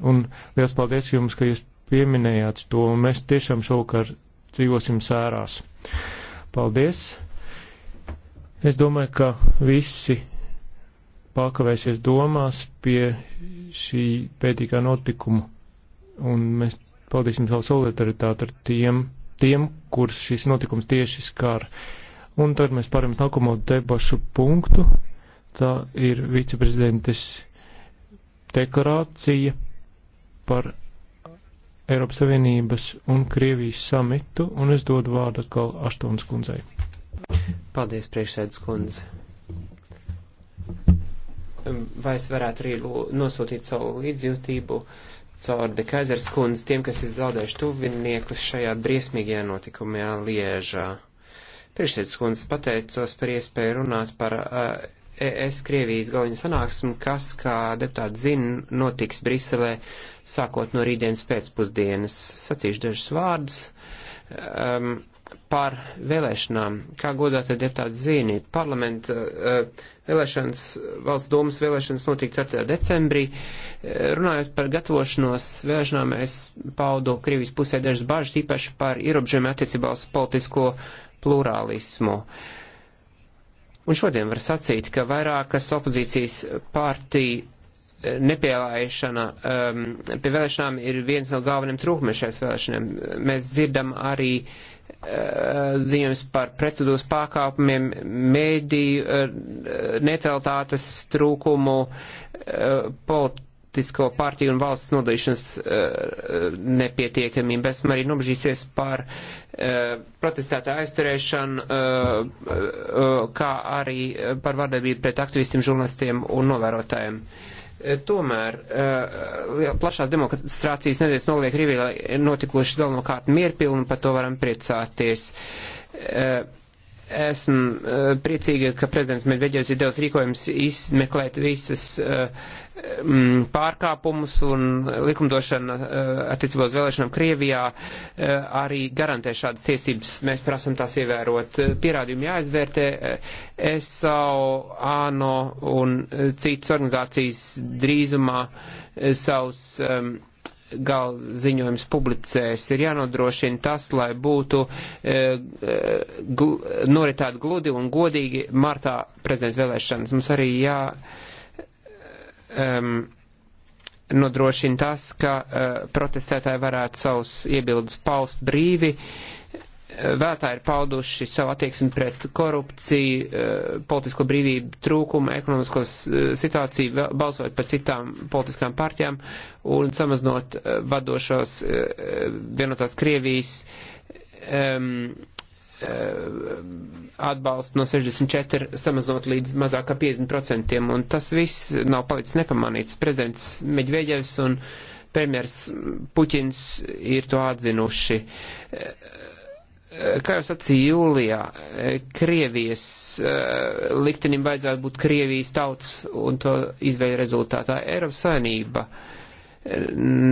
Un liels paldies jums, ka jūs pieminējāt to, un mēs tiešām šovakar dzīvosim sērās. Paldies! Es domāju, ka visi pakavēsies domās pie šī pētīgā notikuma, un mēs paudīsim savu solidaritāti ar tiem, tiem, kurus šis notikums tieši skār. Un tad mēs pārējām uz nākamo debašu punktu. Tā ir viceprezidentes deklarācija par Eiropas Savienības un Krievijas samitu, un es dodu vārdu atkal Aštons kundzei. Paldies, priekšsēdus kundze. Vai es varētu arī nosūtīt savu līdzjūtību caur de Kaisers kundzi tiem, kas ir zaudējuši tuviniekus šajā briesmīgajā notikumā Liežā? Priekšsēdus kundze pateicos par iespēju runāt par uh, ES Krievijas galviņa sanāksmi, kas, kā deputāti zina, notiks Briselē sākot no rītdienas pēcpusdienas. Sacīšu dažus vārdus. Um, par vēlēšanām, kā godātie deputāti zini, parlamenta uh, vēlēšanas, valsts domas vēlēšanas notika 4. decembrī. Uh, runājot par gatavošanos vēlēšanām, es paudu Krievijas pusē dažas bažas, īpaši par ierobežojumu attiecībā uz politisko plurālismu. Uh, Un šodien var sacīt, ka vairākas opozīcijas partiju eh, nepielaišana um, pie vēlēšanām ir viens no galveniem trūkumiem šajās vēlēšanām. Mēs dzirdam arī uh, eh, ziņojums par precedūras pārkāpumiem, mēdīju uh, neutralitātes trūkumu, uh, polit politisko partiju un valsts nodalīšanas uh, eh, nepietiekamību. Esmu arī nobežīsies par uh, protestētā aizturēšanu, uh, uh, kā arī par vardarbību pret aktivistiem, žurnalistiem un novērotājiem. Tomēr uh, plašās demonstrācijas nedēļas noliek Rīvīlā notikušas galvenokārt mierpilni, par to varam priecāties. Uh, esmu uh, priecīga, ka prezidents Medveģevs ir devis rīkojums izmeklēt visas uh, Mm, pārkāpumus un likumdošana eh, attiecībā uz vēlēšanām Krievijā eh, arī garantē šādas tiesības. Mēs prasam tās ievērot. Pierādījumi jāizvērtē. ESAO, ANO un eh, citas organizācijas drīzumā savus um, gal ziņojums publicēs, ir jānodrošina tas, lai būtu e, gl, noritēt gludi un godīgi martā prezidents vēlēšanas. Mums arī jā. E, um, nodrošina tas, ka uh, protestētāji varētu savus iebildes paust brīvi. Uh, Vētāji ir pauduši savu attieksmi pret korupciju, uh, politisko brīvību trūkumu, ekonomisko uh, situāciju, balsojot par citām politiskām partijām un samaznot uh, vadošos uh, vienotās Krievijas um, Eh, atbalstu no 64 samazinot līdz mazāk kā 50%, un tas viss nav palicis nepamanīts. Prezidents Meģveģevs un premjers Puķins ir to atzinuši. Eh, kā jau sacīja Jūlijā, eh, Krievijas liktenim vajadzētu būt Krievijas tauts un to izveļu rezultātā Eiropas saimnība. Uh,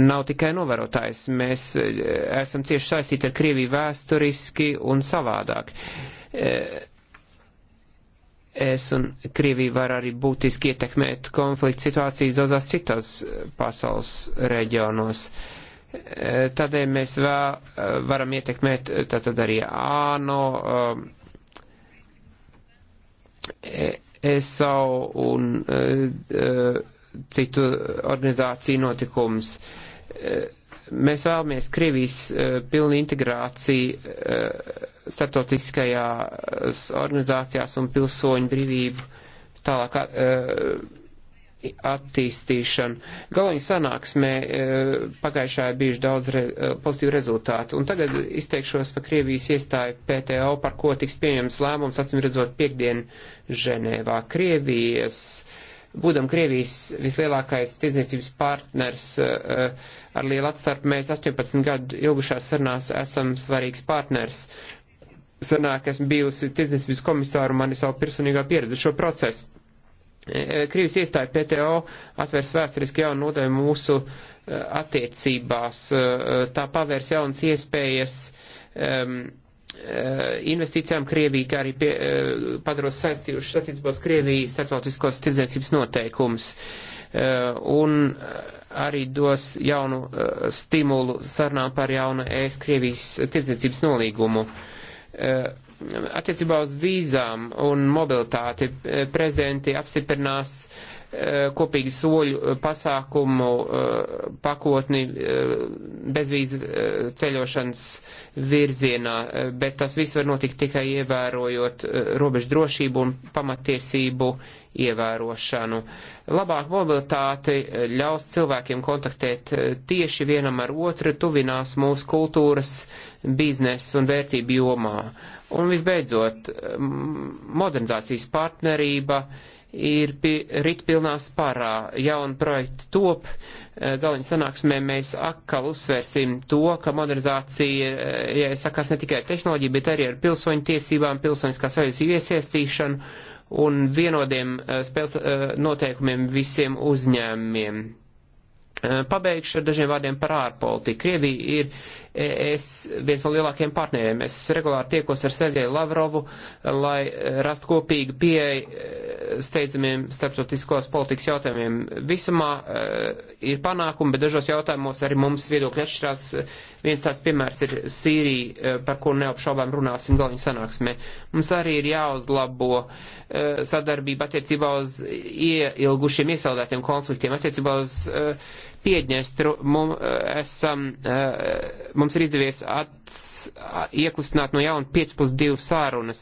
nav tikai novērotājs. Mēs eh, esam cieši saistīti ar Krieviju vēsturiski un savādāk. Eh, es un Krievija var arī būtiski ietekmēt konflikta situācijas daudzās citos pasaules reģionos. Eh, tādēļ mēs vēl varam ietekmēt tātad arī ANO, ESO e un citu organizāciju notikums. E, mēs vēlamies Krievijas e, pilnu integrāciju e, starptautiskajās organizācijās un pilsoņu brīvību tālāk attīstīšanu. Galvenā sanāksmē pagājušā ir bijuši daudz re, pozitīvu rezultātu. Un tagad izteikšos par Krievijas iestāju PTO, par ko tiks pieņems lēmums, acīm redzot, piekdien Ženēvā. Krievijas uh, Būdam Krievijas vislielākais tirdzniecības partners eh, eh, ar lielu atstarpu, mēs 18 gadu ilgušās sarunās esam svarīgs partners. Sanāk, esmu bijusi tirdzniecības komisāra un man ir savu personīgā pieredze šo procesu. Eh, Krievijas iestāja PTO atvērs vēsturiski jaunu nodaļu mūsu attiecībās, tā pavērs jaunas iespējas um, Eh, investīcijām Krievija, kā arī pie, eh, padaros saistījušas attiecībos Krievijas starptautiskos tirdzniecības noteikumus eh, un arī dos jaunu stimulu sarunām par jaunu ES Krievijas tirdzniecības nolīgumu. Attiecībā uz vīzām un mobilitāti prezidenti apstiprinās uh, Eh, kopīgi soļu eh, pasākumu eh, pakotni bezvīzes ceļošanas virzienā, bet tas viss var notikt tikai ievērojot robežu drošību un pamatiesību ievērošanu. Labāk mobilitāte ļaus cilvēkiem kontaktēt tieši vienam ar otru, tuvinās mūsu kultūras, biznesa un vērtību jomā. Un visbeidzot, modernizācijas partnerība, uh, ir ritpilnās parā. Jauna projekta top, eh, galiņa sanāksmē mēs atkal uzsvērsim to, ka modernizācija, eh, ja sakās ne tikai ar tehnoloģiju, bet arī ar pilsoņu tiesībām, pilsoniskās vajadzības iesaistīšanu un vienodiem eh, spēles noteikumiem visiem uzņēmumiem. Pabeigšu ar dažiem vārdiem par ārpolitiku. Krievija ir es viens no lielākajiem partneriem. Es regulāri tiekos ar Sergeju Lavrovu, lai rastu kopīgu pieeju eh, steidzamiem starptautiskos politikas jautājumiem. Visamā eh, ir panākumi, bet dažos jautājumos arī mums viedokļi atšķirās. Viens tāds piemērs ir Sīrija, eh, par ko neapšaubām runāsim galviņu sanāksmē. Mums arī ir jāuzlabo sadarbība attiecībā uz ieilgušiem iesaldētiem konfliktiem, attiecībā uz Piedņestru mums, eh, esam, eh, mums ir izdevies ats, iekustināt no jauna 5 plus 2 sārunas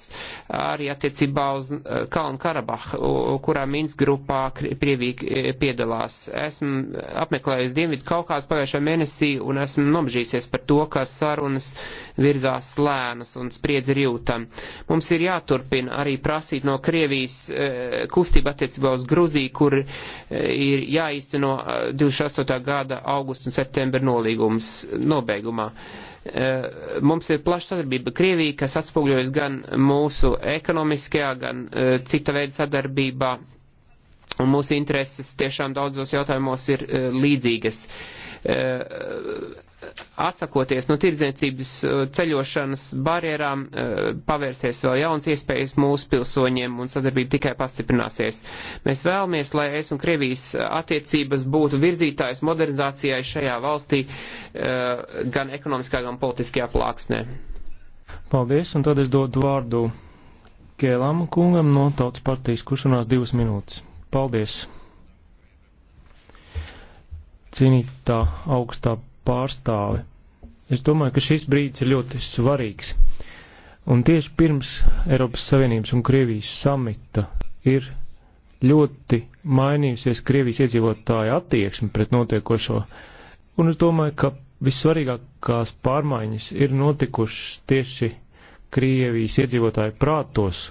arī attiecībā uz eh, Kalnu Karabahu, kurā Minsk grupā Krievija piedalās. Esmu apmeklējis Dienvidu Kaukās pagājušā mēnesī un esmu nomžīsies par to, ka sārunas uh, virzās lēnas un spriedzi ir jūtam. Mums ir jāturpina arī prasīt no Krievijas eh, kustība attiecībā uz Gruziju, kur eh, ir jāīsteno 28. Eh, gada augusta un septembra nolīgums nobeigumā mums ir plaša sadarbība Krievija, kas atspoguļojas gan mūsu ekonomiskajā, gan uh, cita veida sadarbībā, un mūsu intereses tiešām daudzos jautājumos ir uh, līdzīgas. Uh, atsakoties no tirdzniecības uh, ceļošanas barjerām, uh, pavērsies vēl jauns iespējas mūsu pilsoņiem un sadarbība tikai pastiprināsies. Mēs vēlamies, lai es un Krievijas attiecības būtu virzītājs modernizācijai šajā valstī uh, gan ekonomiskā, gan politiskajā plāksnē. Paldies, un tad es dodu vārdu Kēlam kungam no Tautas partijas, kurš runās divas minūtes. Paldies! Cienītā augstā pārstāvi. Es domāju, ka šis brīdis ir ļoti svarīgs. Un tieši pirms Eiropas Savienības un Krievijas samita ir ļoti mainījusies Krievijas iedzīvotāja attieksme pret notiekošo. Un es domāju, ka vissvarīgākās pārmaiņas ir notikušas tieši Krievijas iedzīvotāju prātos.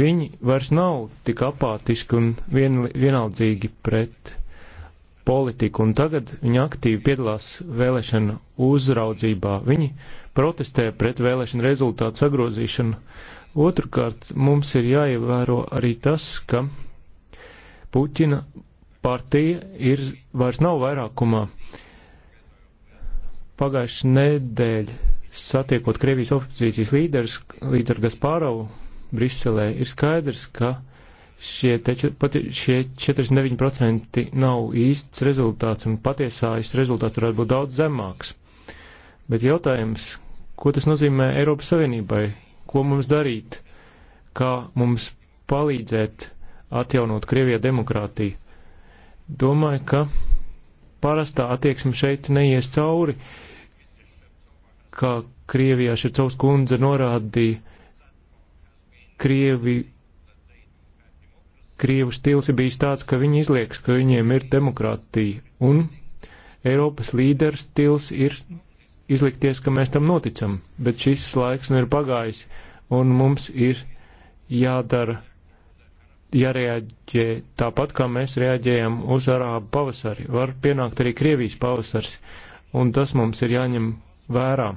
Viņi vairs nav tik apātiski un vien, vienaldzīgi pret politiku, un tagad viņi aktīvi piedalās vēlēšana uzraudzībā. Viņi protestē pret vēlēšana rezultātu sagrozīšanu. Otrkārt, mums ir jāievēro arī tas, ka Puķina partija ir, vairs nav vairākumā. Pagājuši nedēļ satiekot Krievijas opozīcijas līderus, līdz ar Gaspārovu Briselē, ir skaidrs, ka šie, te, pat, šie 49% nav īsts rezultāts, un patiesais rezultāts varētu būt daudz zemāks. Bet jautājums, ko tas nozīmē Eiropas Savienībai? Ko mums darīt? Kā mums palīdzēt atjaunot Krievijā demokrātiju? Domāju, ka parastā attieksme šeit neies cauri, kā Krievijā Šercaus kundze norādīja, Krievi Krievu stils ir bijis tāds, ka viņi izlieks, ka viņiem ir demokrātija, un Eiropas līderu stils ir izlikties, ka mēs tam noticam, bet šis laiks nu ir pagājis, un mums ir jādara, jārēģē tāpat, kā mēs reaģējam uz arābu pavasari. Var pienākt arī Krievijas pavasars, un tas mums ir jāņem vērā.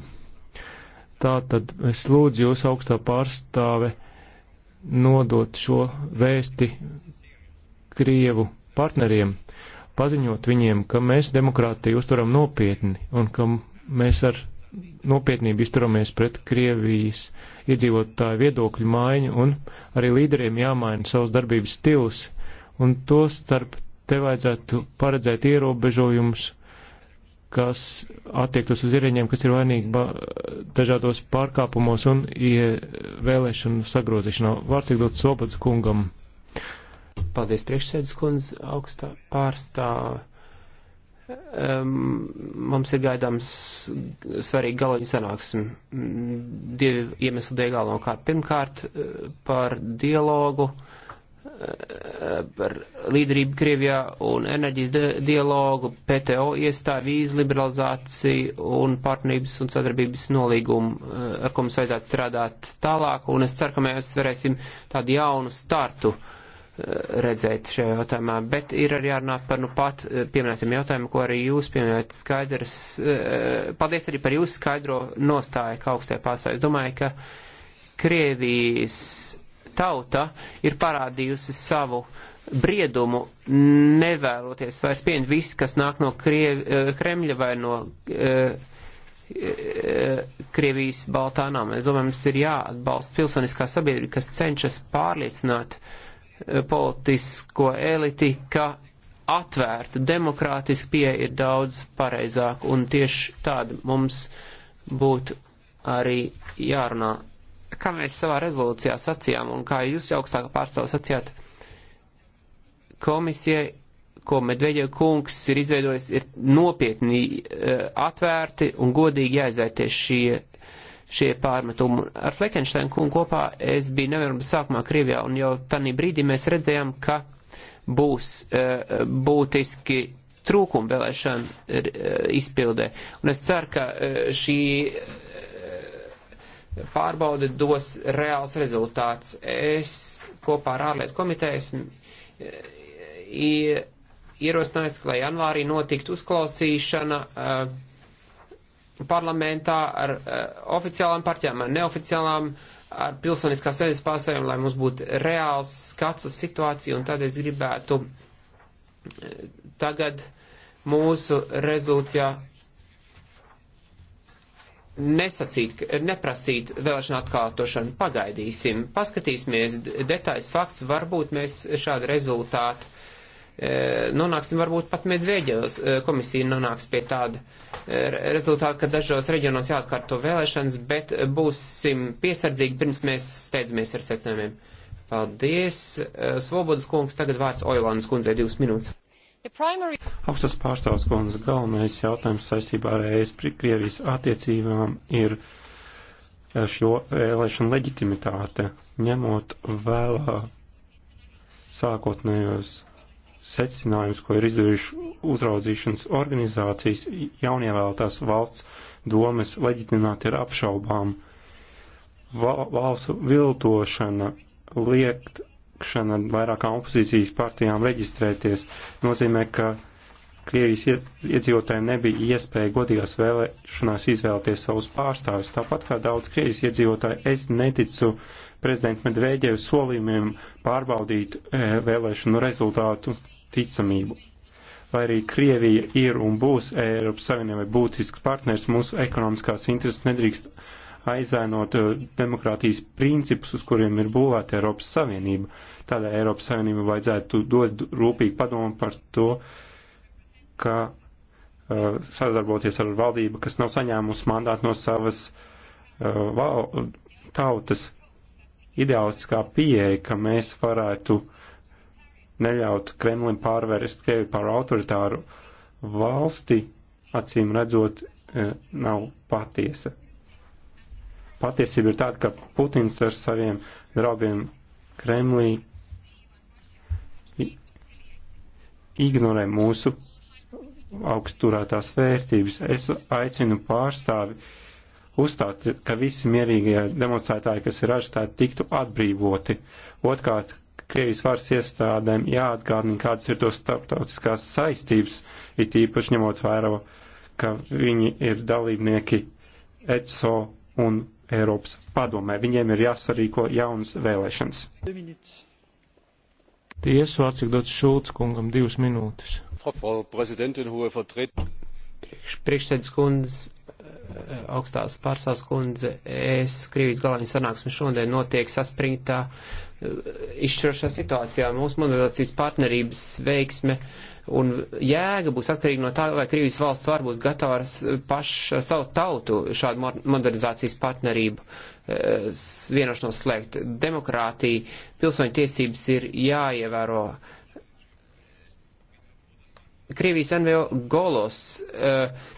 Tā tad es lūdzu jūs augstā pārstāve nodot šo vēsti Krievu partneriem, paziņot viņiem, ka mēs demokrātiju uztveram nopietni un ka mēs ar nopietnību izturamies pret Krievijas iedzīvotāju viedokļu maiņu un arī līderiem jāmaina savs darbības stils, un to starp te vajadzētu paredzēt ierobežojumus kas attiektos uz ierēģiem, kas ir vainīgi dažādos pārkāpumos un vēlēšanu sagrozīšanā. Vārds ir dots Sobats kungam. Paldies, priekšsēdus kundze, augstā pārstāve. Um, mums ir gaidāms svarīgi galaņa sanāksme. Divi iemesli dēļ galvenokārt. Pirmkārt, eh, par dialogu. Uh, par līderību Krievijā un enerģijas dialogu, PTO iestāju, vīzu liberalizāciju un partnerības un sadarbības nolīgumu, eh, ar ko mums vajadzētu strādāt tālāk, un es ceru, ka mēs varēsim tādu jaunu startu eh, redzēt šajā jautājumā, bet ir arī jārunā par nu pat eh, pieminētiem jautājumiem, ko arī jūs pieminējat skaidrs. Paldies arī par jūsu skaidro nostāju, ka augstē pārstāvis. Domāju, ka Krievijas tauta ir parādījusi savu briedumu, nevēloties vairs pieņemt viss, kas nāk no Kriev, eh, Kremļa vai no uh, Krievijas baltā nama. Es domāju, mums ir jāatbalsta pilsoniskā sabiedrība, kas cenšas pārliecināt politisko eliti, ka atvērta, demokrātiska pieeja ir daudz pareizāk, un tieši tāda mums būtu arī jārunā Kā mēs savā rezolūcijā sacījām un kā jūs augstāk pārstāv sacījāt, komisijai, ko Medveģa kungs ir izveidojis, ir nopietni eh, atvērti un godīgi jāizvērtē šie, šie pārmetumi. Ar Fleckensteinu kungu kopā es biju nevaram sākumā Krievijā un jau tādī brīdī mēs redzējām, ka būs eh, būtiski trūkumu vēlēšanu eh, izpildē. Un es ceru, ka šī pārbaude dos reāls rezultāts. Es kopā ar ārlietu komitejas ierosinājis, lai janvārī notiktu uzklausīšana e, parlamentā ar e, oficiālām partijām, ar neoficiālām, ar pilsoniskās savienības pārstāvjiem, lai mums būtu reāls skats uz situāciju, un tad es gribētu e, tagad mūsu rezolūcijā nesacīt, neprasīt vēlēšana atkārtošanu. Pagaidīsim, paskatīsimies detaļas fakts, varbūt mēs šādu rezultātu e, nonāksim, varbūt pat Medveģevas e, komisija nonāks pie tāda e, rezultāta, ka dažos reģionos jāatkārto vēlēšanas, bet būsim piesardzīgi pirms mēs steidzamies ar secinājumiem. Paldies, Svobodas kungs, tagad vārds Oilānas kundzei divas minūtes primary... Augstas pārstāvs kundze galvenais jautājums saistībā ar ES Krievijas attiecībām ir e, šo vēlēšanu leģitimitāte, ņemot vēlā sākotnējos secinājumus, ko ir izdarījuši uzraudzīšanas organizācijas, jaunievēlētās valsts domes leģitināti ir apšaubām. Valstu viltošana liekt liekšana vairākām opozīcijas partijām reģistrēties nozīmē, ka Krievijas iedzīvotājiem nebija iespēja godīgās vēlēšanās izvēlēties savus pārstāvjus. Tāpat kā daudz Krievijas iedzīvotāji, es neticu prezidenta Medvēģeva solījumiem pārbaudīt e, vēlēšanu rezultātu ticamību. Vai arī Krievija ir un būs Eiropas Savienībai būtisks partners, mūsu ekonomiskās intereses nedrīkst aizainot eh, demokrātijas principus, uz kuriem ir būvēta Eiropas Savienība. Tādēļ Eiropas Savienība vajadzētu dot rūpīgi padomu par to, ka uh, sadarboties ar valdību, kas nav saņēmusi mandātu no savas uh, val, tautas. Ideālistiskā pieeja, ka mēs varētu neļaut Kremlim pārvērst Krievi par autoritāru valsti, acīm redzot, nav patiesa. Patiesība ir tāda, ka Putins ar saviem draugiem Kremlī ignorē mūsu augsturētās vērtības. Es aicinu pārstāvi uzstāt, ka visi mierīgie demonstrētāji, kas ir arestēti, tiktu atbrīvoti. Otkārt, Krievijas varas iestādēm jāatgādina, kādas ir tos starptautiskās saistības, it īpaši ņemot vērā, ka viņi ir dalībnieki ECO un Eiropas padomē. Viņiem ir jāsarīko jaunas vēlēšanas. Tiesu vārds ir dots Šulc kungam divas minūtes. Priekš, Priekšsēdus kundze, eh, augstās pārsās kundze, es Krievijas galvenī sanāksmi šodien notiek saspringtā eh, izšķirošā situācijā. Mūsu modernizācijas partnerības veiksme. Uh, Un jēga būs atkarīga no tā, vai Krievijas valsts var būs gatava ar pašu ar savu tautu šādu modernizācijas partnerību e, vienošanos slēgt. Demokrātija, pilsoņu tiesības ir jāievēro. Krievijas NVO Golos uh,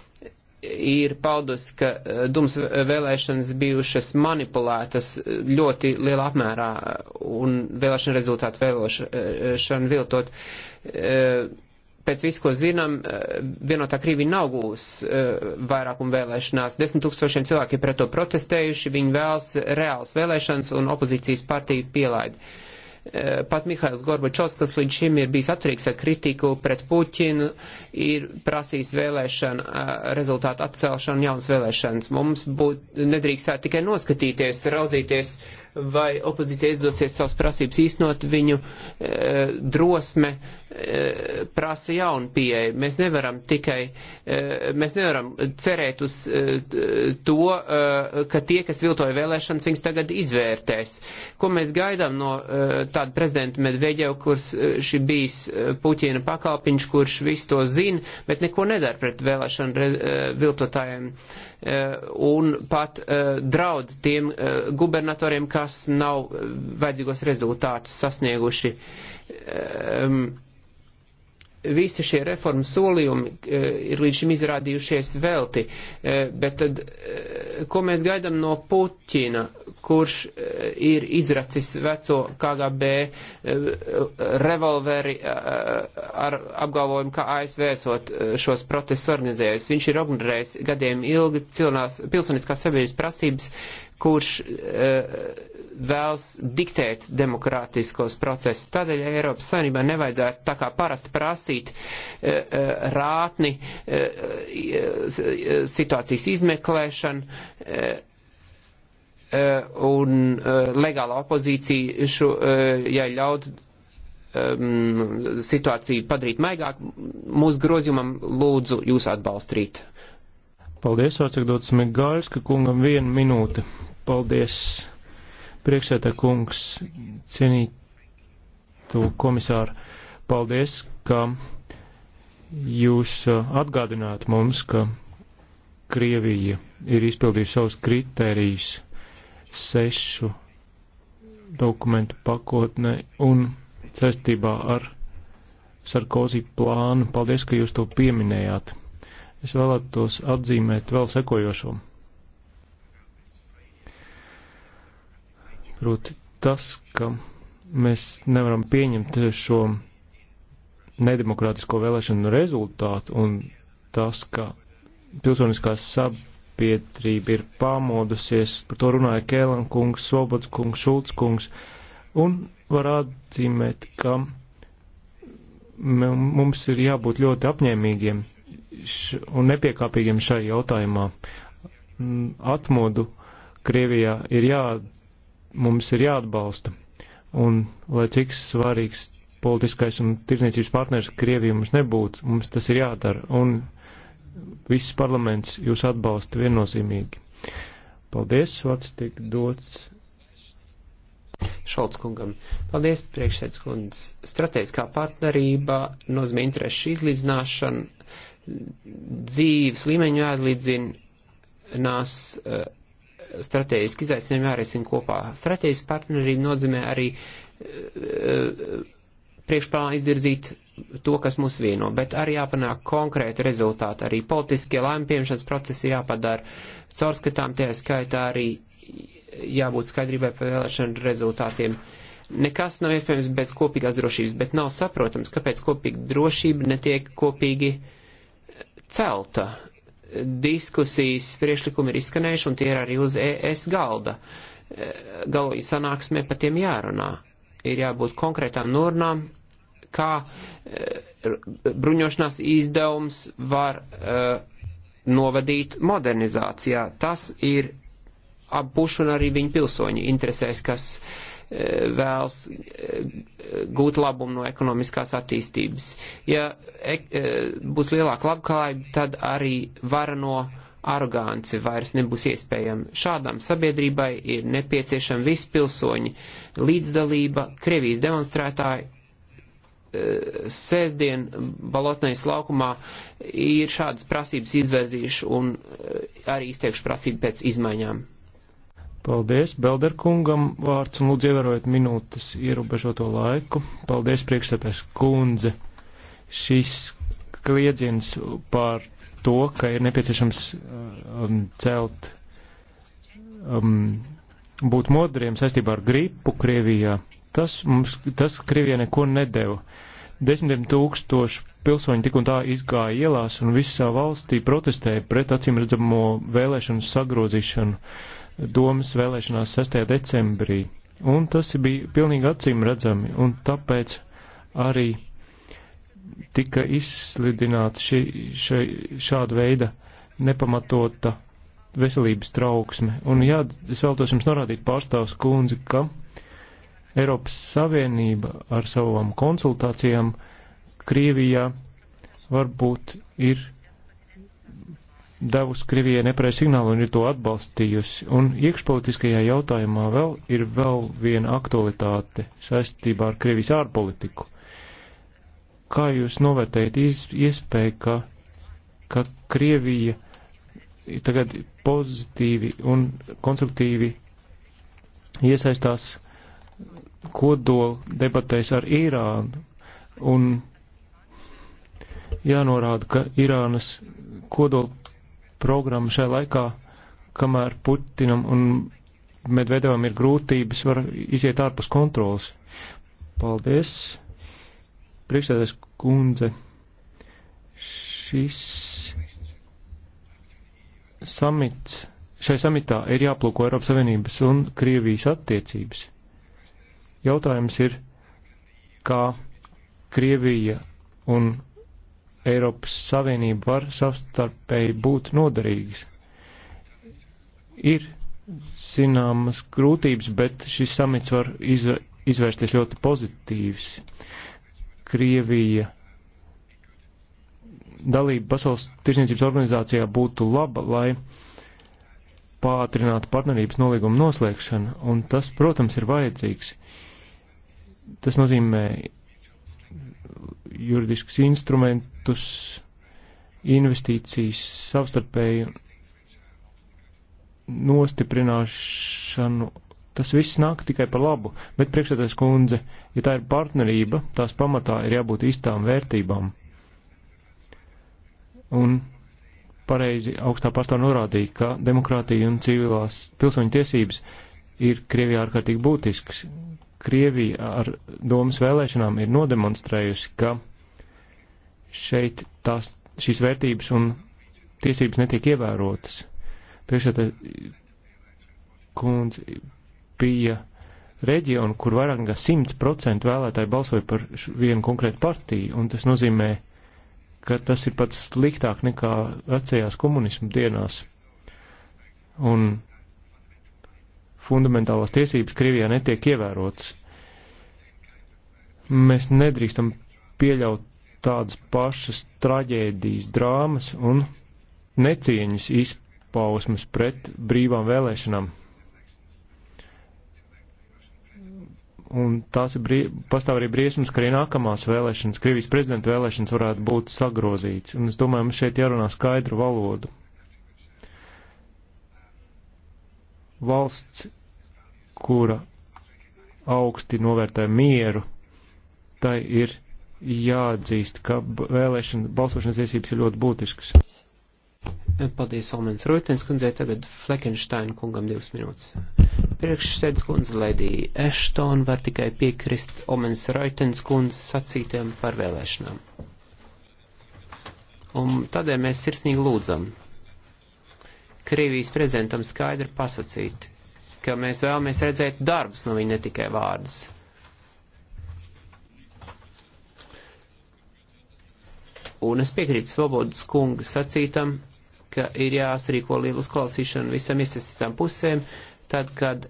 ir paudus, ka e, Dums vēlēšanas bijušas manipulētas ļoti lielā apmērā un vēlēšana rezultātu vēlošana viltot. Uh, pēc visu, ko zinām, eh, vienotā Krīvija nav gūs eh, vairākumu vēlēšanās. Desmit tūkstošiem cilvēki ir pret to protestējuši, viņi vēlas reāls vēlēšanas un opozīcijas partija pielaida. Eh, pat Mihails Gorbačovs, kas līdz šim ir bijis atturīgs ar kritiku pret Puķinu, ir prasījis vēlēšanu rezultātu atcelšanu jaunas vēlēšanas. Mums būtu nedrīkstētu tikai noskatīties, raudzīties vai opozīcija izdosies savas prasības īstenot, viņu e, drosme e, prasa jaunu pieeju. Mēs nevaram tikai, e, mēs nevaram cerēt uz e, to, e, ka tie, kas viltoja vēlēšanas, viņas tagad izvērtēs. Ko mēs gaidām no e, tāda prezidenta Medveģeva, kurš e, šī bijis e, Puķina pakalpiņš, kurš visu to zina, bet neko nedara pret vēlēšanu re, e, viltotājiem e, un pat e, draud tiem e, gubernatoriem, kā kas nav eh, vajadzīgos rezultātus sasnieguši. Um, visi šie reformu solījumi eh, ir līdz šim izrādījušies velti, eh, bet tad, ko mēs gaidām no Puķina, kurš ir izracis veco KGB revolveri ar apgalvojumu, ka ASV esot šos protestus organizējis. Viņš ir organizējis gadiem ilgi pilsoniskās sabiedrības prasības, kurš vēlas diktēt demokrātiskos procesus. Tādēļ ja Eiropas Savienībā nevajadzētu tā kā parasti prasīt e, e, rātni e, situācijas izmeklēšanu un legāla opozīcija šo, ja ļaut situāciju padarīt maigāk, mūsu grozījumam lūdzu jūs atbalstīt. Paldies, atsakdots Migāļska kungam vienu minūti. Paldies. Priekšētā kungs, cienītu komisāru, paldies, ka jūs uh, atgādināt mums, ka Krievija ir izpildījusi savus kritērijus sešu dokumentu pakotnē un saistībā ar Sarkozī plānu. Paldies, ka jūs to pieminējāt. Es vēlētos atzīmēt vēl sekojošo. Proti tas, ka mēs nevaram pieņemt šo nedemokrātisko vēlēšanu rezultātu un tas, ka pilsoniskā sabiedrība ir pamodusies, par to runāja Kēlan kungs, Svobods kungs, Šulc kungs, un var atzīmēt, ka mums ir jābūt ļoti apņēmīgiem un nepiekāpīgiem šai jautājumā. Atmodu Krievijā ir jāatbalsta mums ir jāatbalsta. Un, lai cik svarīgs politiskais un tirdzniecības partners Krievija mums nebūtu, mums tas ir jādara. Un viss parlaments jūs atbalsta viennozīmīgi. Paldies, vārds tiek dots Šolts kungam. Paldies, priekšsēdz kundz. Stratēģiskā partnerība nozīmē interešu izlīdzināšanu, dzīves līmeņu jāizlīdzinās eh, strateģiski izaicinājumi jārisina kopā. Strateģiski partnerība nozīmē arī eh, priekšplānā izvirzīt to, kas mūs vieno, bet arī jāpanāk konkrēti rezultāti. Arī politiskie lēmpieņemšanas procesi ir jāpadara caurskatām, tajā skaitā arī jābūt skaidrībai par vēlēšanu rezultātiem. Nekas nav iespējams bez kopīgās drošības, bet nav saprotams, kāpēc kopīga drošība netiek kopīgi celta diskusijas priešlikumi ir izskanējuši un tie ir arī uz ES galda. E, Galvī sanāksmē par tiem jārunā. Ir jābūt konkrētām norunām, kā e, bruņošanās izdevums var e, novadīt modernizācijā. Tas ir ap pušu un arī viņu pilsoņu interesēs, kas uh, vēlas eh, gūt labumu no ekonomiskās attīstības. Ja eh, būs lielāka labklājība, tad arī vara no arogance vairs nebūs iespējama. Šādām sabiedrībai ir nepieciešama visi pilsoņi, līdzdalība, Krievijas demonstrētāji. Eh, sēsdien Balotnais laukumā ir šādas prasības izvērzījuši un arī izteikšu prasību pēc izmaiņām. Paldies Belderkungam vārds un lūdzu ievērojiet minūtes ierobežoto laiku. Paldies priekšsēpēs kundze. Šis kliedziens par to, ka ir nepieciešams um, celt, um, būt modriem saistībā ar gripu Krievijā, tas mums, tas Krievijai neko nedēva. Desmitiem tūkstošu pilsoņi tik un tā izgāja ielās un visā valstī protestēja pret acīmredzamo vēlēšanu sagrozīšanu domas vēlēšanās 6. decembrī. Un tas bija pilnīgi acīm redzami, un tāpēc arī tika izslidināta šī, šī, šāda veida nepamatota veselības trauksme. Un jā, es vēlos jums norādīt pārstāvs kundzi, ka Eiropas Savienība ar savām konsultācijām Krievijā varbūt ir devusi Krievijai nepareiz signālu un ir to atbalstījusi. Un iekšpolitiskajā jautājumā vēl ir vēl viena aktualitāte saistībā ar Krievijas ārpolitiku. Kā jūs novērtējat iespēju, ka, ka Krievija tagad pozitīvi un konstruktīvi iesaistās kodola debatēs ar Irānu un jānorāda, ka Irānas kodola programma šajā laikā, kamēr Putinam un Medvedevam ir grūtības, var iziet ārpus kontrolas. Paldies, priekšsēdēs kundze. Šis samits, šai samitā ir jāplūko Eiropas Savienības un Krievijas attiecības. Jautājums ir, kā Krievija un Eiropas Savienība var savstarpēji būt noderīgas. Ir zināmas grūtības, bet šis samits var izv izvērsties ļoti pozitīvs. Krievija dalība Pasaules tirsniecības organizācijā būtu laba, lai pātrinātu partnerības nolīgumu noslēgšanu, un tas, protams, ir vajadzīgs. Tas nozīmē juridiskus instrumentus, investīcijas savstarpēju nostiprināšanu. Tas viss nāk tikai par labu, bet priekšsēdājas kundze, ja tā ir partnerība, tās pamatā ir jābūt īstām vērtībām. Un pareizi augstā pārstāv norādīja, ka demokrātija un civilās pilsoņu tiesības ir Krievijā ārkārtīgi būtisks Krievija ar domas vēlēšanām ir nodemonstrējusi, ka šeit tās, šīs vērtības un tiesības netiek ievērotas. Priekšētā kundze bija reģionu, kur vairāk nekā 100% vēlētāji balsoja par vienu konkrētu partiju, un tas nozīmē, ka tas ir pats sliktāk nekā vecajās komunismu dienās. Un fundamentālās tiesības Krievijā netiek ievērotas. Mēs nedrīkstam pieļaut tādas pašas traģēdijas, drāmas un necieņas izpausmes pret brīvām vēlēšanām. Un tās ir brie, pastāv arī briesmas, ka arī nākamās vēlēšanas, Krievijas prezidenta vēlēšanas varētu būt sagrozīts. Un es domāju, mums šeit jārunā skaidru valodu. valsts, kura augsti novērtē mieru, tai ir jāatzīst, ka vēlēšana balsošanas tiesības ir ļoti būtiskas. Paldies, Almens Rūtens kundzei, tagad Fleckensteina kungam divas minūtes. Priekšsēdz kundze, Lady Ashton, var tikai piekrist Almens Rūtens kundzes sacītēm par vēlēšanām. Un tādēļ mēs sirsnīgi lūdzam Krievijas prezidentam skaidri pasacīt, ka mēs vēlamies redzēt darbus no viņa, ne tikai vārdus. Un es piekrītu Svobodas kunga sacītam, ka ir jāsrīko lielu uzklausīšanu visam iesaistītām pusēm, tad, kad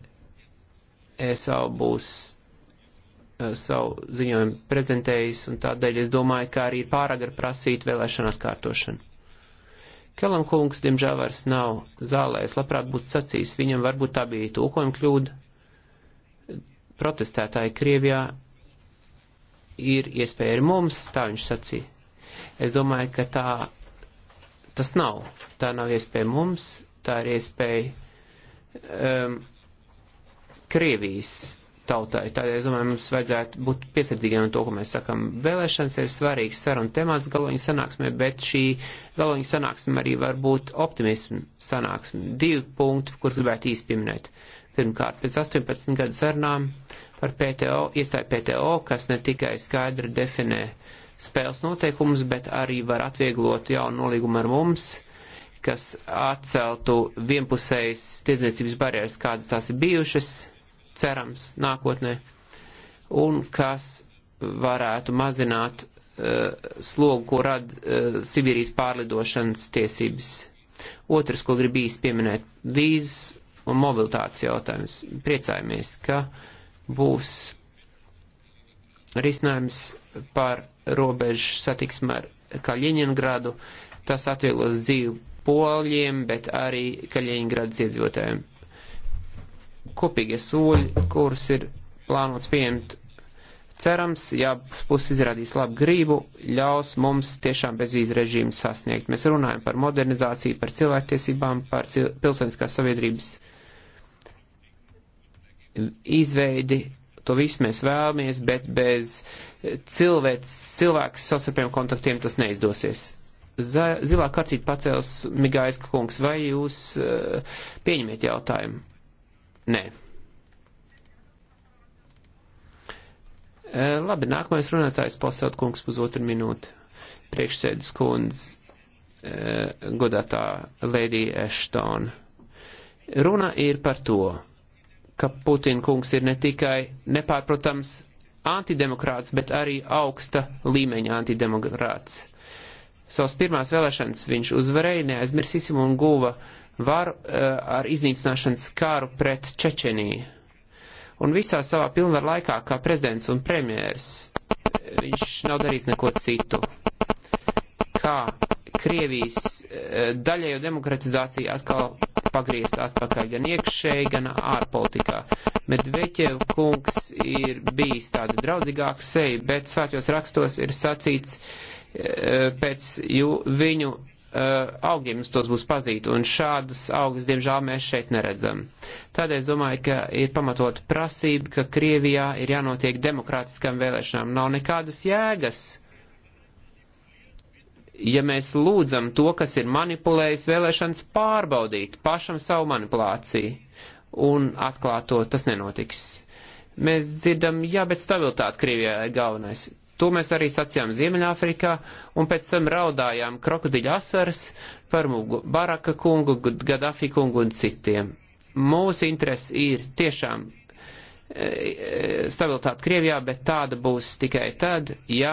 ESO būs eh, savu ziņojumu prezentējis, un tādēļ es domāju, ka arī ir pāragri prasīt vēlēšanu atkārtošanu. Kelam kungs, diemžēl, vairs nav zālē. Es labprāt būtu sacījis viņam, varbūt tā bija tūkojuma kļūda. Protestētāji Krievijā ir iespēja arī mums, tā viņš sacīja. Es domāju, ka tā tas nav. Tā nav iespēja mums, tā ir iespēja um, Krievijas tautai. Tādēļ, es domāju, mums vajadzētu būt piesardzīgiem no to, ko mēs sakam. Vēlēšanas ir svarīgs saruna temats galoņa sanāksmē, bet šī galoņa sanāksme arī var būt optimismu sanāksme. Divi punkti, kurus gribētu īsti pieminēt. Pirmkārt, pēc 18 gadu sarunām par PTO, iestāju PTO, kas ne tikai skaidri definē spēles noteikumus, bet arī var atvieglot jaunu nolīgumu ar mums kas atceltu vienpusējas tirdzniecības barjeras, kādas tās ir bijušas, cerams nākotnē un kas varētu mazināt uh, slogu, ko rada uh, Sibīrijas pārlidošanas tiesības. Otrs, ko gribu īsti pieminēt, vīzes un mobilitātes jautājums. Priecājamies, ka būs risinājums par robežu satiksmu ar Kaļiņingradu. Tas atvieglos dzīvi poļiem, bet arī Kaļiņingradas iedzīvotājiem kopīgie soļi, kurus ir plānots pieņemt. Cerams, ja puses izrādīs labu grību, ļaus mums tiešām bezvīzu režīmu sasniegt. Mēs runājam par modernizāciju, par cilvēktiesībām, par cil pilsoniskās sabiedrības izveidi. To visu mēs vēlamies, bet bez cilvēks, cilvēks savstarpējiem kontaktiem tas neizdosies. Zā, zilā kartīte pacēls Migaiska kungs, vai jūs uh, pieņemiet jautājumu? Nē. Eh, labi, nākamais runātājs pasaut kungs pusotru minūti. Priekšsēdus kundz, eh, godātā Lady Ashton. Runa ir par to, ka Putina kungs ir ne tikai nepārprotams antidemokrāts, bet arī augsta līmeņa antidemokrāts. Savas pirmās vēlēšanas viņš uzvarēja, neaizmirsīsim, un guva uh, varu eh, ar iznīcināšanas kāru pret Čečeniju. Un visā savā pilnvaru laikā, kā prezidents un premjērs, eh, viņš nav darījis neko citu. Kā Krievijas eh, daļējo demokratizāciju atkal pagriezt atpakaļ gan iekšēji, gan ārpolitikā. Medveķev kungs ir bijis tāda draudzīgāka seja, bet svētjos rakstos ir sacīts pēc jū, viņu Eh, augiem mums tos būs pazīt, un šādas augas, diemžēl, mēs šeit neredzam. Tādēļ es domāju, ka ir pamatot prasība, ka Krievijā ir jānotiek demokrātiskām vēlēšanām. Nav nekādas jēgas, ja mēs lūdzam to, kas ir manipulējis vēlēšanas, pārbaudīt pašam savu manipulāciju un atklāt to, tas nenotiks. Mēs dzirdam, jā, bet stabilitāte Krievijā ir galvenais. To mēs arī sacījām Ziemeļāfrikā, un pēc tam raudājām krokodiļa asaras par Mugu, Baraka kungu, Gaddafi kungu un citiem. Mūsu interesi ir tiešām e, e, stabilitāte Krievijā, bet tāda būs tikai tad, ja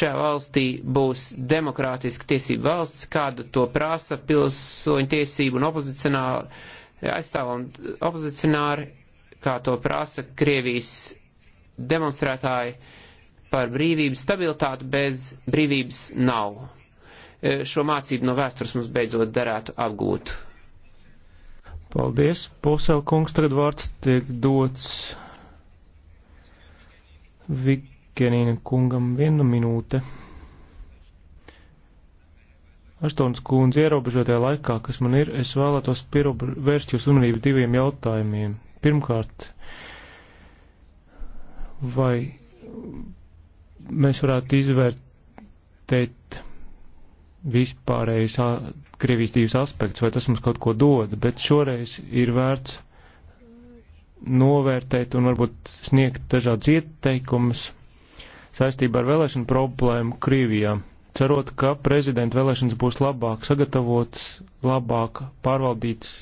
šajā valstī būs demokrātiska tiesība valsts, kāda to prasa pilsoņu tiesību un opozicionāri aizstāv un opozicionāri, kā to prasa Krievijas demonstrētāji par brīvības stabilitāti bez brīvības nav. E, šo mācību no vēstures mums beidzot darētu apgūt. Paldies, Pusel kungs, tagad vārds tiek dots Vikenīna kungam vienu minūte. Aštuns kundze ierobežotajā laikā, kas man ir, es vēlētos vērst jūs uzmanību diviem jautājumiem. Pirmkārt, vai mēs varētu izvērtēt vispārējus Krievijas divus aspektus, vai tas mums kaut ko dod, bet šoreiz ir vērts novērtēt un varbūt sniegt dažādas ieteikumus saistībā ar vēlēšanu problēmu Krievijā. Cerot, ka prezidenta vēlēšanas būs labāk sagatavotas, labāk pārvaldītas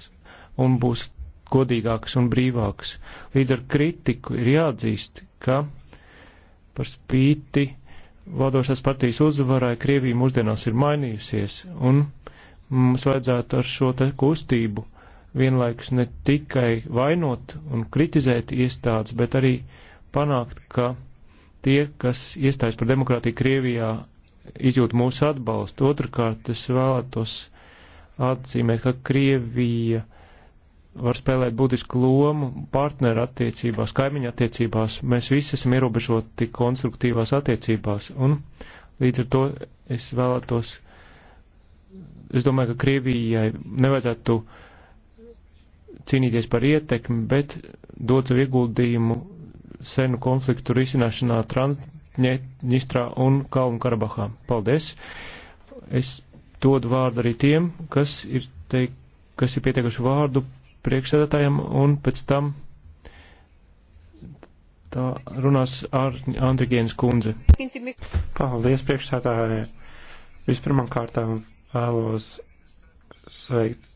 un būs godīgākas un brīvākas. Līdz ar kritiku ir jāatzīst, ka Par spīti valdošās partijas uzvarai Krievija mūsdienās ir mainījusies, un mums vajadzētu ar šo te kustību vienlaikus ne tikai vainot un kritizēt iestādes, bet arī panākt, ka tie, kas iestājas par demokrātiju Krievijā, izjūt mūsu atbalstu. Otrakārt, es vēlētos atzīmēt, ka Krievija var spēlēt būtisku lomu partneru attiecībās, kaimiņu attiecībās. Mēs visi esam ierobežoti konstruktīvās attiecībās, un līdz ar to es vēlētos, es domāju, ka Krievijai nevajadzētu cīnīties par ietekmi, bet dot savu ieguldījumu senu konfliktu risināšanā Transnistrā un Kalnu Karabahā. Paldies! Es dodu vārdu arī tiem, kas ir, teik, kas ir pieteikuši vārdu priekšsēdētājiem un pēc tam tā runās ar Andrigēnas kundzi. Paldies priekšsēdētājai. Vispirmām kārtām vēlos sveikt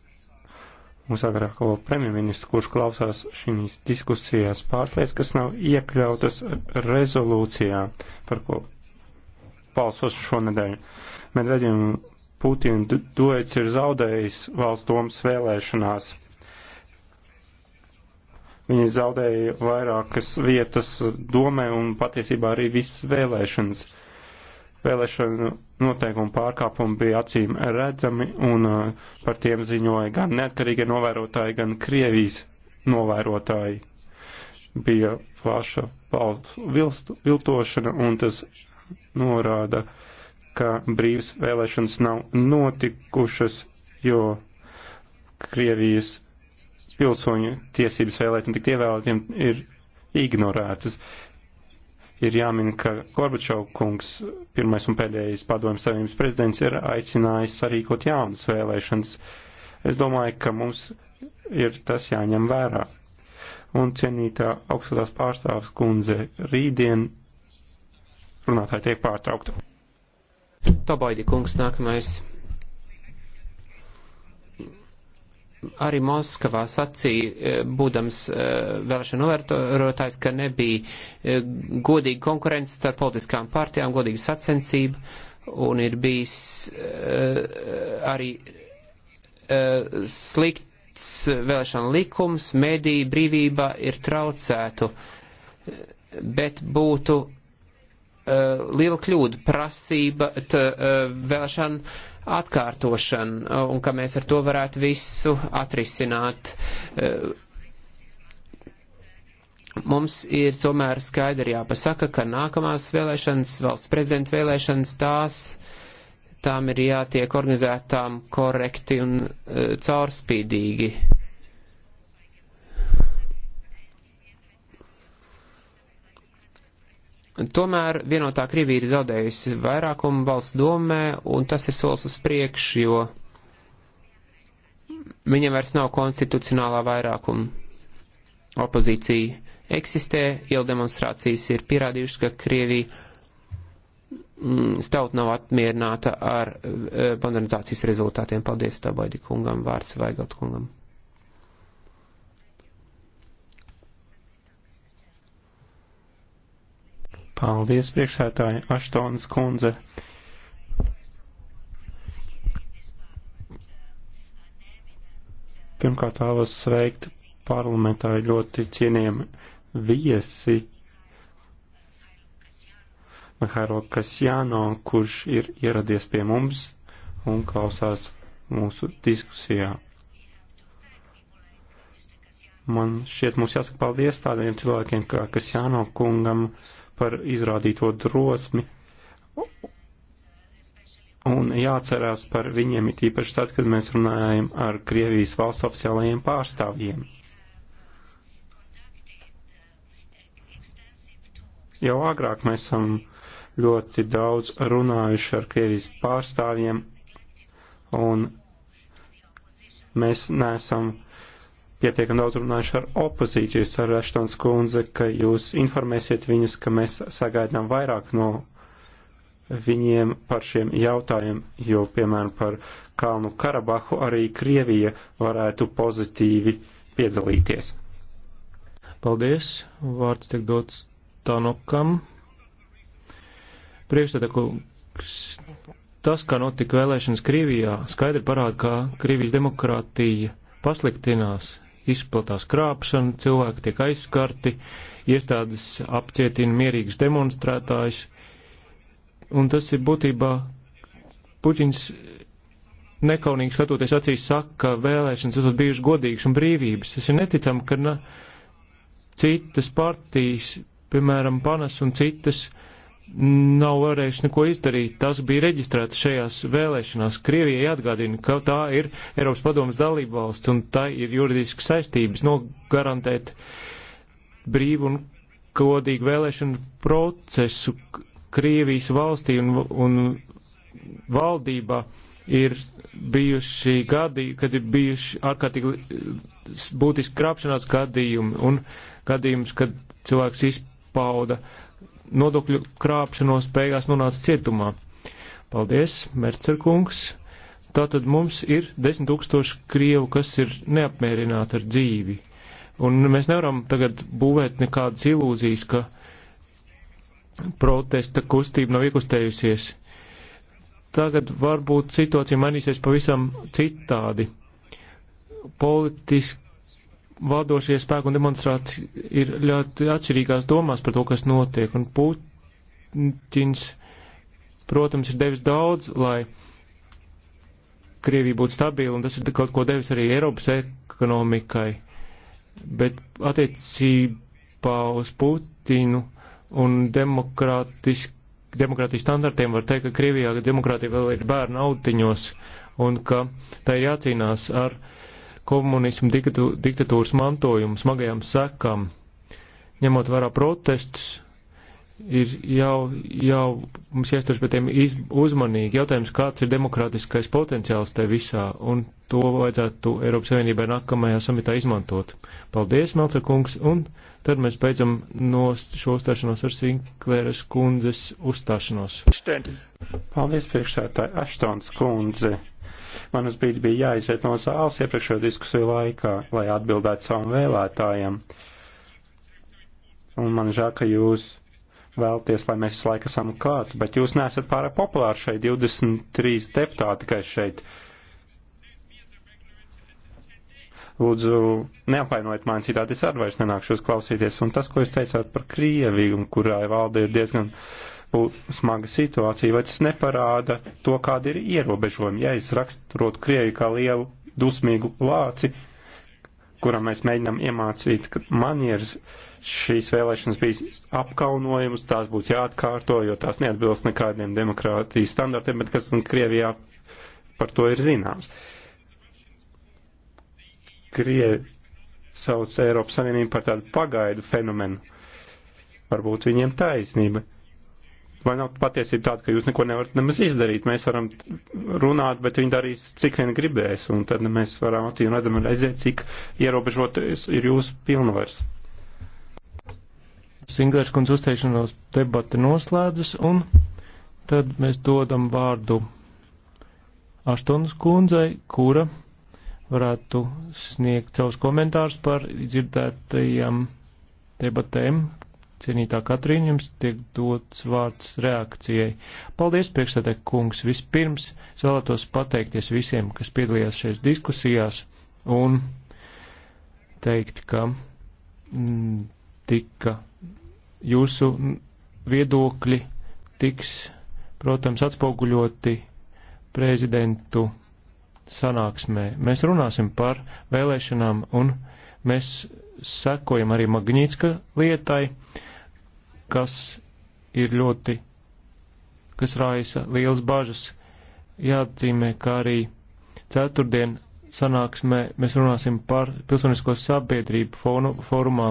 mūsu agrāko premjerministru, kurš klausās šīs diskusijās pārslēdz, kas nav iekļautas rezolūcijā, par ko balsos šonadēļ. Medveģiem Putina duets ir zaudējis valsts domas vēlēšanās. Viņi zaudēja vairākas vietas domē un patiesībā arī visas vēlēšanas. Vēlēšanu noteikumu pārkāpumi bija acīm redzami un uh, par tiem ziņoja gan neatkarīgie novērotāji, gan Krievijas novērotāji. Bija plaša balsu viltošana un tas norāda, ka brīvas vēlēšanas nav notikušas, jo Krievijas pilsoņu tiesības vēlēt un tikt ievēlētiem ir ignorētas. Ir jāmin, ka Gorbačov kungs, pirmais un pēdējais padomjas savienības prezidents, ir aicinājis sarīkot jaunas vēlēšanas. Es domāju, ka mums ir tas jāņem vērā. Un cienītā augstās pārstāvs kundze rītdien runātāji tiek pārtraukta. Tabaidi kungs nākamais. arī Moskavā sacīja, e, būdams e, vēlēšana novērotājs, ka nebija e, godīga konkurence starp politiskām partijām, godīga sacensība, un ir bijis arī slikts vēlēšana likums, mediju brīvība ir traucētu, bet būtu liela kļūda prasība t, vēlēšana atkārtošana un ka mēs ar to varētu visu atrisināt. Mums ir tomēr skaidri jāpasaka, ka nākamās vēlēšanas, valsts prezidenta vēlēšanas, tās tām ir jātiek organizētām korekti un eh, caurspīdīgi Tomēr vienotā Krievija ir zaudējusi vairākumu valsts domē, un tas ir solis uz priekšu, jo viņam vairs nav konstitucionālā vairākuma. Opozīcija eksistē, iela demonstrācijas ir pierādījušas, ka Krievija mm, stāvot nav apmierināta ar eh, modernizācijas rezultātiem. Paldies Tabaidi kungam, vārds Vaigalt kungam. Paldies, priekšētāji Aštonas kundze. Pirmkārt, vēlos sveikt parlamentā ļoti cienījami viesi Mahairo Kasjāno, kurš ir ieradies pie mums un klausās mūsu diskusijā. Man šķiet, mums jāsaka paldies tādiem cilvēkiem kā Kasjāno kungam par izrādīto drosmi un jāatcerās par viņiem it īpaši tad, kad mēs runājam ar Krievijas valsts oficiālajiem pārstāvjiem. Jau agrāk mēs esam ļoti daudz runājuši ar Krievijas pārstāvjiem, un mēs neesam pietiekami daudz runājuši ar opozīciju. Es ceru, Eštons kundze, ka jūs informēsiet viņus, ka mēs sagaidām vairāk no viņiem par šiem jautājumiem, jo, piemēram, par Kalnu Karabahu arī Krievija varētu pozitīvi piedalīties. Paldies! Vārds tiek dots Tanokam. Priekšstādākums, tas, kā notika vēlēšanas Krievijā, skaidri parāda, ka Krievijas demokrātija pasliktinās izplatās krāpšana, cilvēki tiek aizskarti, iestādes apcietina mierīgus demonstrētājus, un tas ir būtībā Puķins nekaunīgi skatoties acīs saka, ka vēlēšanas esat bijušas godīgas un brīvības. Es ir neticam, ka na, citas partijas, piemēram, panas un citas, uh, nav varējuši neko izdarīt. Tas bija reģistrēts šajās vēlēšanās. Krievijai atgādina, ka tā ir Eiropas padomas dalība valsts un tā ir juridiski saistības nogarantēt brīvu un godīgu vēlēšanu procesu Krievijas valstī un, un valdībā ir bijuši gadi, kad ir bijuši ārkārtīgi būtiski krāpšanās gadījumi un gadījums, kad cilvēks izpauda nodokļu krāpšanos beigās nonāca cietumā. Paldies, Mercerkungs. Tātad mums ir 10 tūkstoši krievu, kas ir neapmierināti ar dzīvi. Un mēs nevaram tagad būvēt nekādas ilūzijas, ka protesta kustība nav iekustējusies. Tagad varbūt situācija mainīsies pavisam citādi. Politiski valdošie spēki un demonstrāti ir ļoti atšķirīgās domās par to, kas notiek. Un Puķins, protams, ir devis daudz, lai Krievija būtu stabila, un tas ir kaut ko devis arī Eiropas ekonomikai. Bet attiecībā uz Putinu un demokrātijas standartiem var teikt, ka Krievijā demokrātija vēl ir bērnu autiņos, un ka tā ir jācīnās ar uh, komunismu diktatūras mantojumu smagajām sekām. Ņemot vērā protestus, ir jau, jau mums jāstur pie tiem iz, uzmanīgi. Jautājums, kāds ir demokrātiskais potenciāls te visā, un to vajadzētu Eiropas Savienībai nākamajā samitā izmantot. Paldies, Melcer kungs, un tad mēs beidzam no šo uzstāšanos ar Sinklēras kundzes uzstāšanos. Paldies, priekšsētāji Aštons kundze. Man uz brīdi bija jāiziet no zāles iepriekšējo diskusiju laikā, lai atbildētu savam vēlētājiem. Un man žēl, ka jūs vēlties, lai mēs visu laiku esam klāt, bet jūs nesat pārāk populāri šeit, 23 deputāti tikai šeit. Lūdzu, neapvainojiet mani citādi, es arī vairs nenākšu uz klausīties. Un tas, ko jūs teicāt par Krieviju, kurā valde ir diezgan uh, smaga situācija, vai tas neparāda to, kāda ir ierobežojumi. Ja es raksturotu Krieviju kā lielu dusmīgu lāci, kuram mēs mēģinām iemācīt manieres, šīs vēlēšanas bija apkaunojums, tās būtu jāatkārto, jo tās neatbilst nekādiem demokrātijas standartiem, bet kas Krievijā par to ir zināms. Krievi sauc Eiropas Savienību par tādu pagaidu fenomenu. Varbūt viņiem taisnība. Vai nav patiesība tāda, ka jūs neko nevarat nemaz izdarīt? Mēs varam runāt, bet viņi darīs, cik vien gribēs, un tad mēs varam attīm redzam redzēt, cik ierobežot ir jūsu pilnvars. Singlērs kundz uzteikšanās debata noslēdzas, un tad mēs dodam vārdu Aštonas kundzei, kura varētu sniegt savus komentārus par dzirdētajām debatēm, Cienītā Katrīna, jums tiek dots vārds reakcijai. Paldies, priekšsēdē kungs. Vispirms es vēlētos pateikties visiem, kas piedalījās šajās diskusijās un teikt, ka m, mm, tika jūsu viedokļi tiks, protams, atspoguļoti prezidentu sanāksmē. Mēs runāsim par vēlēšanām un mēs sekojam arī Magnītska lietai kas ir ļoti, kas raisa liels bažas. Jāatzīmē, ka arī ceturtdien sanāksmē mēs runāsim par pilsonisko sabiedrību fonu, forumā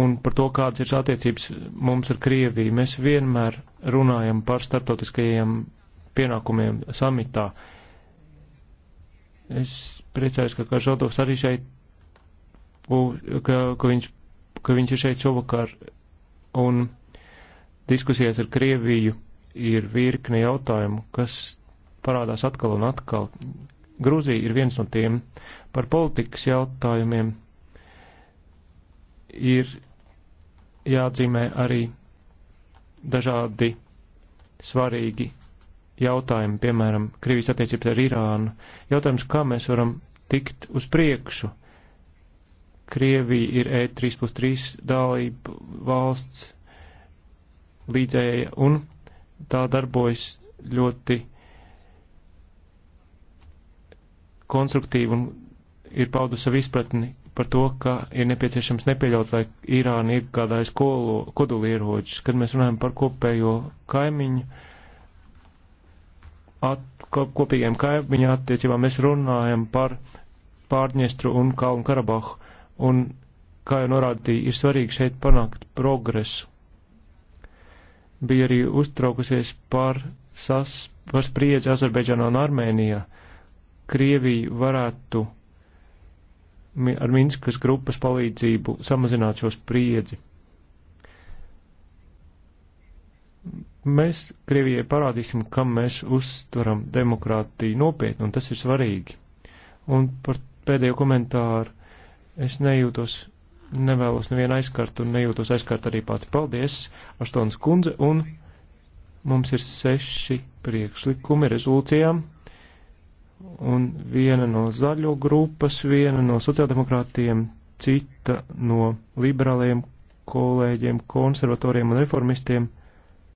un par to, kādas ir attiecības mums ar Krieviju. Mēs vienmēr runājam par starptautiskajiem pienākumiem samitā. Es priecājos, ka Kažodovs arī šeit, ka, ka viņš ka viņš ir šeit šovakar un diskusijas ar Krieviju ir virkni jautājumu, kas parādās atkal un atkal. Grūzija ir viens no tiem par politikas jautājumiem. Ir jāatzīmē arī dažādi svarīgi jautājumi, piemēram, Krievijas attiecības ar Irānu. Jautājums, kā mēs varam tikt uz priekšu Krievija ir E3 plus 3 dalība valsts līdzēja un tā darbojas ļoti konstruktīvi un ir paudu savu izpratni par to, ka ir nepieciešams nepieļaut, lai Irāna iegādājas kodoli ieroģis. Kad mēs runājam par kopējo kaimiņu, at, kopīgiem kaimiņu attiecībām, mēs runājam par Pārņestru un Kalnu Karabahu Un, kā jau norādīja, ir svarīgi šeit panākt progresu. Bija arī uztraukusies par, sas, par spriedzi Azerbaidžānā un Armēnijā. Krievija varētu ar Minskas grupas palīdzību samazināt šo spriedzi. Mēs Krievijai parādīsim, kam mēs uztveram demokrātiju nopietni, un tas ir svarīgi. Un par pēdējo komentāru Es nejūtos, nevēlos nevienu aizskart un nejūtos aizskart arī pati. Paldies, Aštonas kundze, un mums ir seši priekšlikumi rezolūcijām, un viena no zaļo grupas, viena no sociāldemokrātiem, cita no liberāliem kolēģiem, konservatoriem un reformistiem.